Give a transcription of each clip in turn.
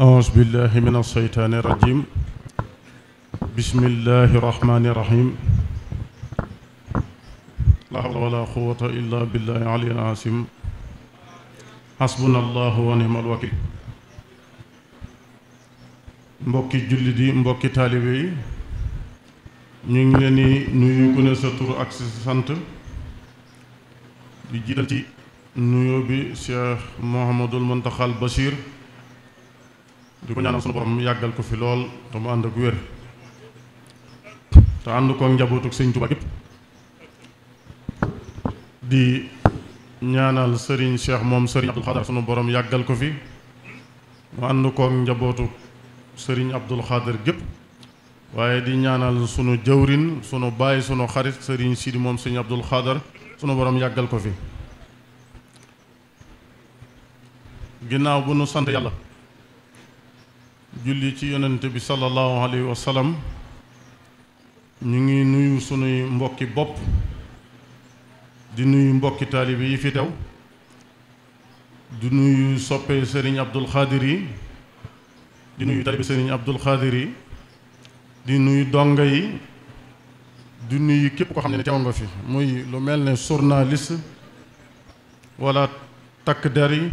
أعوذ بالله من الشيطان الرجيم بسم الله الرحمن الرحيم لا حول ولا قوة إلا بالله العلي العظيم حسبنا الله ونعم الوكيل mbokki jullit yi mbokki taalibe yi ñu ngi leen di nuyu ku ne sa tur ak sa sant di jiital ci nuyoo bi Cheikh Mouhamadoul Mountakhal Bachir di ko ñaanal sunu borom yàggal ko fi lool te mu ànd ak wér te ànd ko njabootuk sëñ Tuubaa di ñaanal sëriñ Cheikh moom sëriñ sunu borom yàggal ko fi mu ànd ko njabootuk sëriñ Abdul gépp waaye di ñaanal sunu jëwrin sunu baay sunu xarit sëriñ Sidi moom sëriñ Abdul Xadar sunu borom yàggal ko fi ginnaaw bu nu sant yàlla julli ci yonent bi sallallahu alayhi wa ñu ngi nuyu sunuy mbokki bopp di nuyu mbokki taalibe yi fi teew di nuyu soppe sëriñ Abdul Xaadir yi di nuyu taalibe sëriñ Abdul Xaadir yi di nuyu dongo yi di nuyu képp ko xam ne teew nga fi muy lu mel ne journaliste wala takk der yi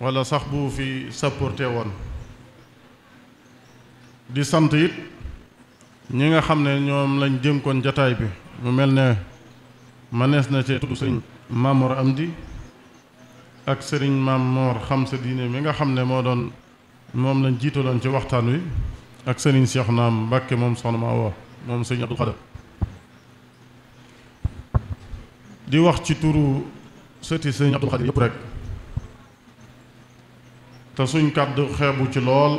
wala sax bu fi sapporté woon di sant it ñi nga xam ne ñoom lañ dénkoon jataay bi mu mel ne mënees na ci tudd sëñ am Amdi ak sëriñ Maam Moor xam sa diine mi nga xam ne moo doon moom lañ jiitaloon ci waxtaan wi ak sëriñ Seex Naam Mbàkke moom soxna ma woo moom sëriñ Abdul Xadar di wax ci turu sëti sëriñ Abdul Xadar yëpp rek te suñ kàddu xeebu ci lool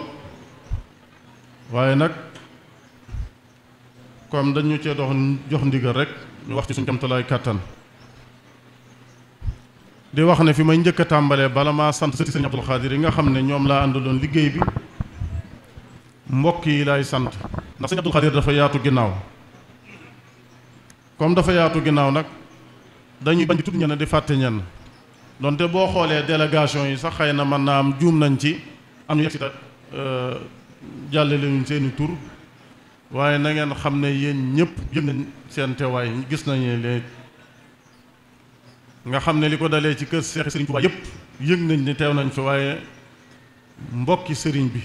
waaye nag comme dañu cee dox jox ndigal rek ñu wax ci suñu kamtalaay kàttan di wax ne fi may njëkk a tàmbalee bala ma sant sëti sëñ Abdul Xaadir yi nga xam ne ñoom laa àndaloon liggéey bi mbokk yi laay sant ndax sëñ Abdul Xaadir dafa yaatu ginnaaw comme dafa yaatu ginnaaw nag dañuy bañ di tudd ñenn di fàtte ñenn donte boo xoolee délégation yi sax xay na mën naa am juum nañ ci am ñu yegg si euh, jàll leen seeni tur waaye nangeen xam ne yéen ñëpp yëg nañ seen teewaay gis nañu leen nga xam ne li ko dalee ci kër Seex Sëriñ Tuubaa yëpp yëg nañ ni teew nañ fi waaye mbokki sëriñ bi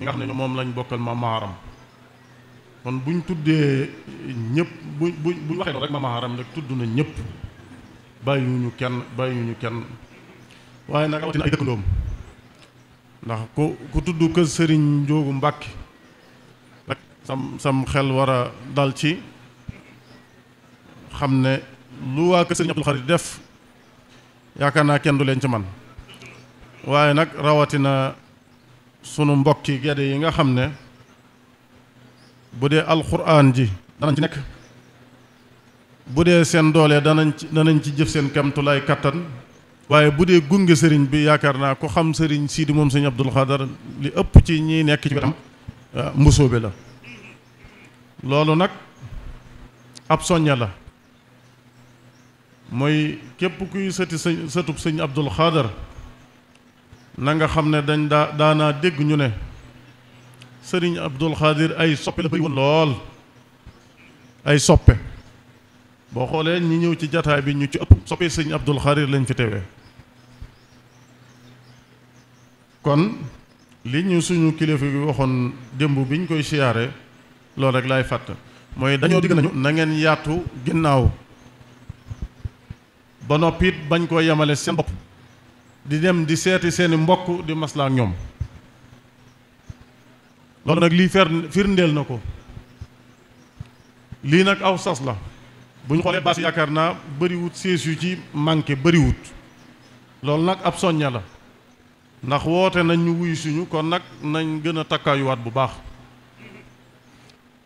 nga xam ne moom lañ bokkal ma maaram kon buñ tuddee ñëpp bu bu buñ waxee rek ma maaram rek tudd na ñëpp bàyyiwuñu kenn bàyyiwuñu kenn waaye nag rawatina ay dëkkandoom ndax ku ku tudd kër sëriñ Njoogu Mbàkke rek sam sam xel war a dal ci xam ne lu waa kër sëriñ Abdul Xaadir def yaakaar naa kenn du leen ci man waaye nag rawatina sunu mbokki gedde yi nga xam ne bu dee alxuraan ji danañ ci nekk bu dee seen doole danañ ci danañ ci jëf seen kemtu kemtulaay kàttan waaye bu dee gunge sëriñ bi yaakaar naa ko xam sëriñ Sidi moom sëñ Abdul Xadar li ëpp ci ñi nekk ci wetam ah, mbusoo bi la loolu nag ab soñña la mooy képp kuy sëti sëñ sëtub sëñ Abdul Xadar na nga xam ne dañ daa daanaa dégg ñu ne sëriñ Abdul Xadir ay soppe la bëri woon lool ay soppe boo xoolee ñi ñëw ci jataay bi ñu ci ëpp soppe sëñ Abdul Xadir lañ fi teewee kon li ñu suñu kilifa bi waxoon démb bi ñu koy siyaare loolu rek lay fàtt mooy dañoo digg nañu na yaatu ginnaaw ba noppi bañ koo yamale seen mbopp di dem di seeti seeni mbokk di maslaa ñoom loolu nag lii fer na ko lii nag aw sas la bu ñu xoolee baas yaakaar naa bëriwut siis yu ci manqué bëriwut loolu nag ab soñña la ndax woote nañ ñu wuy suñu kon nag nañ gën a takkaayuwaat bu baax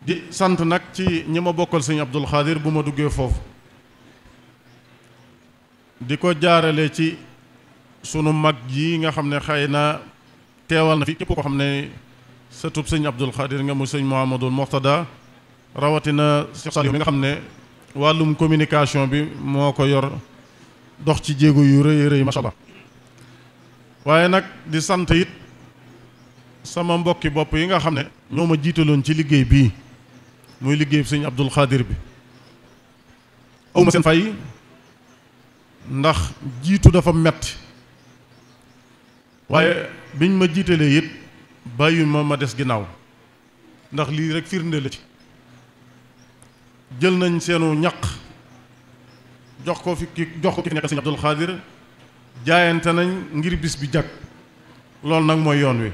di sant nag ci ñi ma bokkal sëñ Abdul xadir bu ma duggee foofu di ko jaarale ci sunu mag yi nga xam ne xëy na teewal na fi képp ko xam ne sëtub sëñ Abdul Xaadir nga mu sëñ Muhammadul Moxtada rawatina Cheikh Saliou mi nga xam ne wàllum communication bi moo ko yor dox ci jéego yu rëy rëy macha allah waaye nag di sant it sama mbokki bopp yi nga xam ne ñoo ma jiitaloon ci liggéey bii muy liggéey sëñ Abdul Xaadir bi awma seen fay ndax jiitu dafa metti waaye biñ ma jiitalee it bàyyi ma ma des ginnaaw ndax lii rek firnde la ci jël nañ seenu ñaq jox ko fi ki jox ko ki fi nekkal sëñ Abdul Xaadir jaayante nañ ngir bis bi jag loolu nag mooy yoon wi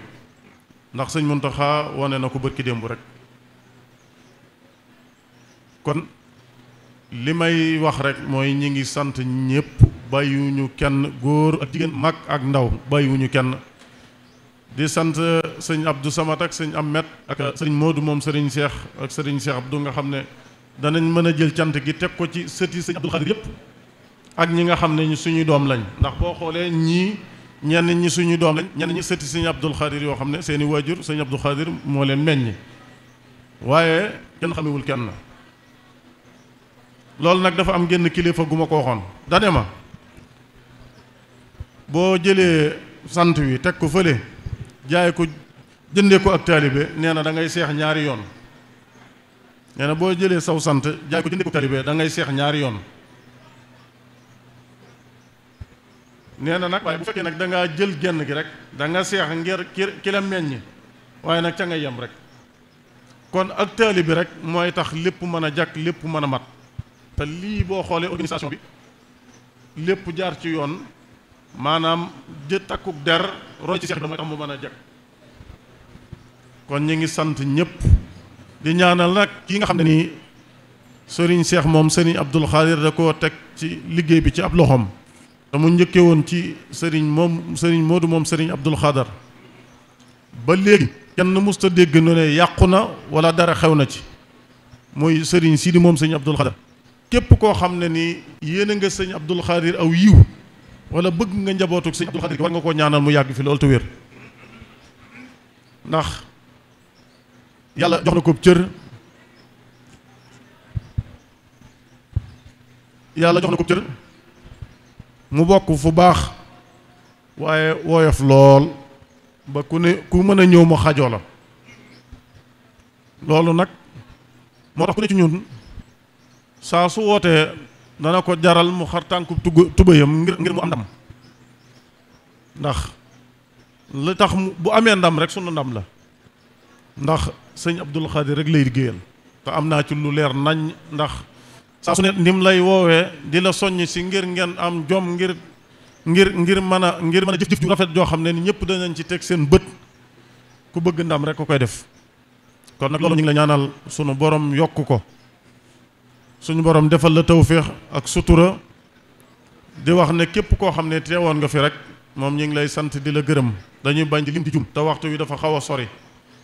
ndax sëñ Muntaxa wane na ko bët ki démb rek kon li may wax rek mooy ñi ngi sant ñëpp bàyyiwuñu kenn góor ak jigéen mag ak ndaw bàyyiwuñu kenn di sant euh, sëñ du Samad ak sëñ am Ahmed ak euh, sëñ Modou moom sëriñ Cheikh ak sëriñ ab Abdou nga xam ne danañ mën a jël cant gi teg ko ci sëti sëñ Abdou Khadir yëpp ak ñi nga xam ne ñu suñu doom lañ ndax boo xoolee ñii ñenn ñi suñu doom lañ ñenn ñi sëti sëñ Abdul Xaadir yoo xam ne seen i waajur sëñ Abdul Xaadir moo leen meññ waaye kenn xamewul kenn loolu nag dafa am génn kilifa gu ma ko waxoon dane ma boo jëlee sant wi teg ko fële jaay ko jëndee ko ak taalibe nee na da ngay seex ñaari yoon nee na boo jëlee saw sant jaay ko jëndee ko ak taalibe da seex ñaari yoon nee na nag waaye bu fekkee nag da jël genn gi rek da nga seex ngir ki la meññ waaye nag ca nga yem rek kon ak taali bi rek mooy tax lépp mën a jàkk lépp mën a mat te lii boo xoolee organisation bi lépp jaar ci yoon maanaam jë takkuk der roy ci seex bi mooy tax mu mën a jàkk kon ñu ngi sant ñëpp di ñaanal nag kii nga xam ne nii sëriñ seex moom sëriñ Abdul Xaadir da ko teg ci liggéey bi ci ab loxoom te mu njëkkee woon ci sëriñ moom sëriñ Modou moom sëriñ Abdul Xadar ba léegi kenn musta dégg nu ne yàqu na wala dara xew na ci mooy sëriñ di moom sëriñ Abdul Xadar képp koo xam ne ni yéen a nga sëñ Abdul Xadir aw yiw wala bëgg nga njabootuk sëñ Abdul Xadir war nga koo ñaanal mu yàgg fi loolu te wér ndax yàlla jox na cër yàlla jox na ko cër mu bokk fu baax waaye woyof lool ba ku ne ku mën a ñëw mu xajoo la loolu nag moo tax ku ne ci ñun saa su wootee dana ko jaral mu xar tànk tugg tubayam ngir ngir mu am ndam ndax li tax bu amee ndam rek sunu ndam la ndax sëñ Abdul Xaadir rek lay liggéeyal te am naa ci lu leer nañ ndax saa su ne ndim lay woowee di la soññ si ngir ngeen am jom ngir ngir ngir mën a ngir mën a jëf-jëf ju rafet joo xam ne ni ñëpp danañ ci teg seen bët ku bëgg ndam rek ku koy def kon nag loolu ñu la sunu borom yokk ko suñu borom defal la tawféex ak sutura di wax ne képp koo xam ne teewoon nga fi rek moom ñu ngi lay sant di la gërëm dañuy bañ di lim di jum te waxtu wi dafa xaw a sori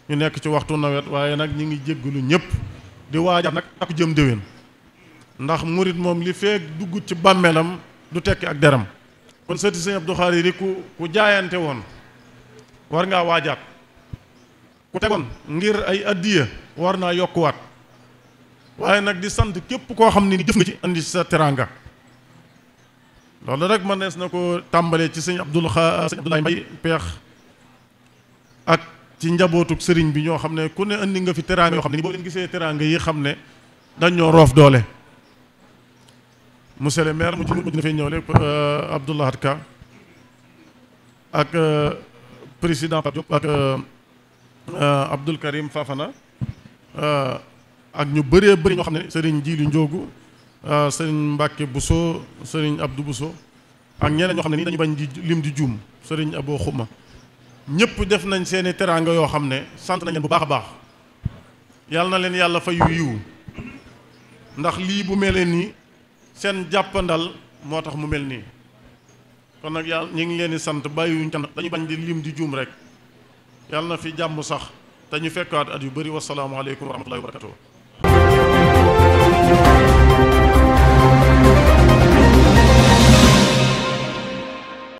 ñu nekk ci waxtu nawet waaye nag ñu ngi jéggulu ñëpp di waajaat nag ak jëm déwén ndax murit moom li feek dugg ci bàmmeelam du tekki ak deram kon sëti sëñ Abdou Khadre yi ku ku jaayante woon war ngaa waajaat ku tegoon ngir ay addiya war naa yokkuwaat waaye nag di sant képp koo xam ne jëf nga ci indi sa teraanga loolu rek mën nees na ko tàmbalee ci sëñ Abdou Khadre sëñ Abdoulaye Mbaye peex ak ci njabootuk sëriñ bi ñoo xam ne ku ne indi nga fi teraanga yoo xam ne boo leen gisee teraanga yi xam ne dañoo roof doole monsieur le maire mu ci mujj na fi ñëw lépp euh, Abdou Lahad Ka ak euh, président Pape Diop ak euh, Abdoul Karim Fafana ak ñu bëree bëri ñoo xam ne sëriñ Jiilu Njoogu sëriñ Mbàkke Bousso sëriñ Abdou Bousso ak ñeneen ñoo xam ne nii dañu bañ di lim di juum sëriñ Abo Xuma ñëpp def nañ seeni teraanga yoo xam ne sant nañ leen bu baax a baax yàlla na leen yàlla fay yu yiw ndax lii bu mel nii seen jàppandal moo tax mu mel nii kon nag yàlla ñu ngi leen di sant bàyyiwuñ tan dañu bañ di lim di juum rek yàlla na fi jàmm sax te ñu fekkaat at yu bëri wasalaamualeykum wa rahmatullahi wa